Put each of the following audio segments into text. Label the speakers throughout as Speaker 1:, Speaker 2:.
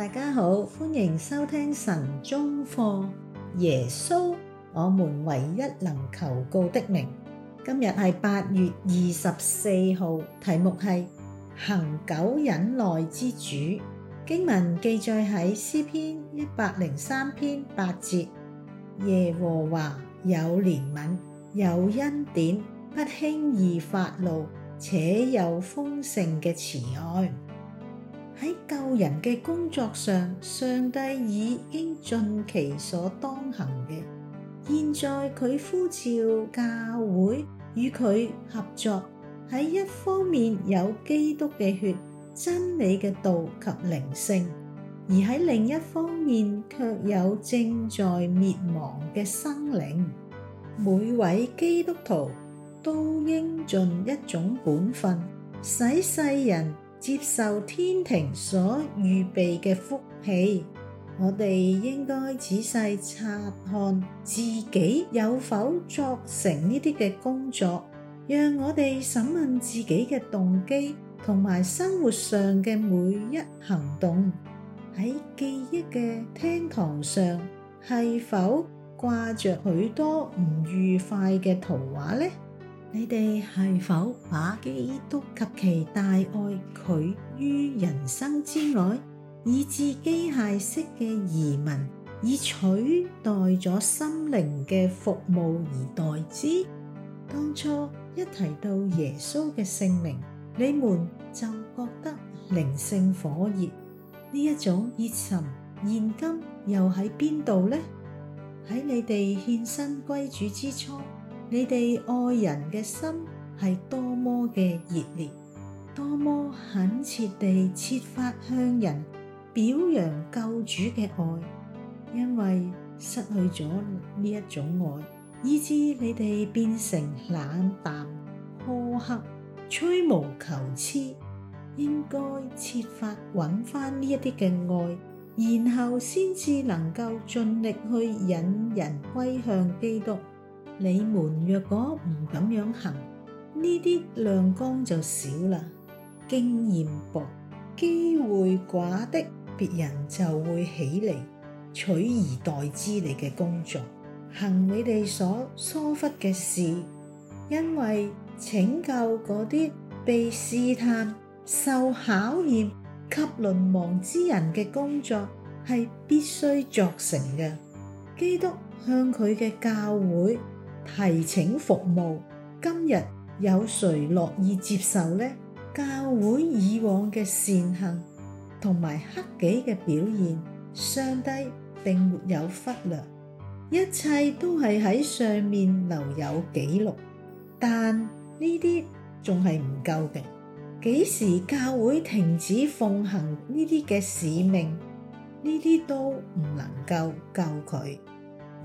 Speaker 1: 大家好，歡迎收聽晨中課。耶穌，我們唯一能求告的名。今日係八月二十四號，題目係恒久忍耐之主。經文記載喺詩篇一百零三篇八節。耶和華有憐憫，有恩典，不輕易發怒，且有豐盛嘅慈愛。喺救人嘅工作上，上帝已經盡其所當行嘅。現在佢呼召教會與佢合作，喺一方面有基督嘅血、真理嘅道及靈性，而喺另一方面卻有正在滅亡嘅生靈。每位基督徒都應盡一種本分，使世人接受天庭所預備嘅福氣，我哋應該仔細察看自己有否作成呢啲嘅工作，讓我哋審問自己嘅動機同埋生活上嘅每一行動，喺記憶嘅廳堂上，係否掛着許多唔愉快嘅圖畫呢？你哋係否把基督及其大愛拒於人生之外，以至機械式嘅移民，以取代咗心靈嘅服務而代之？當初一提到耶穌嘅聖名，你們就覺得靈性火熱，呢一種熱忱，現今又喺邊度呢？喺你哋獻身歸主之初，你哋愛人嘅心係多麼嘅熱烈，多麼懇切地設法向人表揚救主嘅愛，因為失去咗呢一種愛，以致你哋變成冷淡、苛刻、吹毛求疵。應該設法揾返呢一啲嘅愛，然後先至能夠盡力去引人歸向基督。你們若果唔咁樣行，呢啲亮光就少啦，經驗薄，機會寡的，別人就會起嚟取而代之你嘅工作，行你哋所疏忽嘅事，因為拯救嗰啲被試探、受考驗及淪亡之人嘅工作係必須作成嘅。基督向佢嘅教會。係請服務，今日有誰樂意接受呢？教會以往嘅善行同埋克己嘅表現，上帝並沒有忽略，一切都係喺上面留有記錄。但呢啲仲係唔夠嘅，幾時教會停止奉行呢啲嘅使命，呢啲都唔能夠救佢。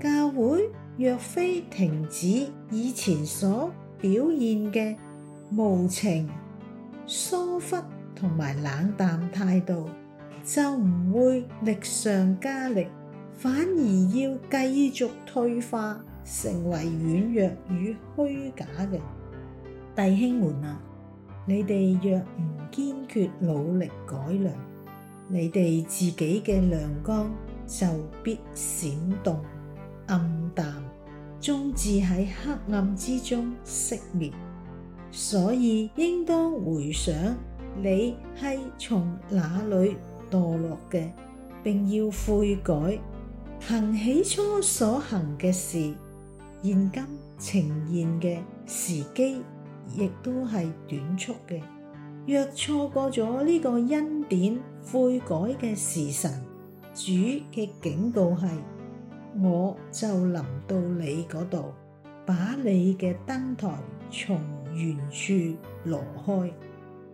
Speaker 1: 教會。若非停止以前所表現嘅無情疏忽同埋冷淡態度，就唔會力上加力，反而要繼續退化，成為軟弱與虛假嘅。弟兄們啊，你哋若唔堅決努力改良，你哋自己嘅亮光就必閃動暗淡，終至喺黑暗之中熄滅，所以應當回想，你係從哪裏墮落嘅？並要悔改，行起初所行嘅事。現今呈現嘅時機亦都係短促嘅，若錯過咗呢個恩典悔改嘅時辰，主嘅警告係。我就臨到你嗰度，把你嘅燈台從原處挪開。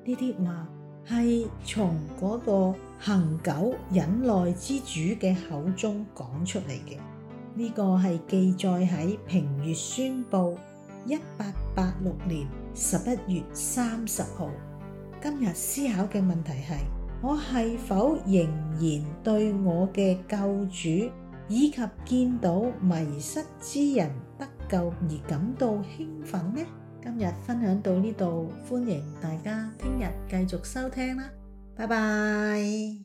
Speaker 1: 呢啲話係從嗰個恆久忍耐之主嘅口中講出嚟嘅。呢、這個係記載喺評閱宣報一八八六年十一月三十號。今日思考嘅問題係：我係否仍然對我嘅救主？以及見到迷失之人得救而感到興奮呢？今日分享到呢度，歡迎大家聽日繼續收聽啦，拜拜。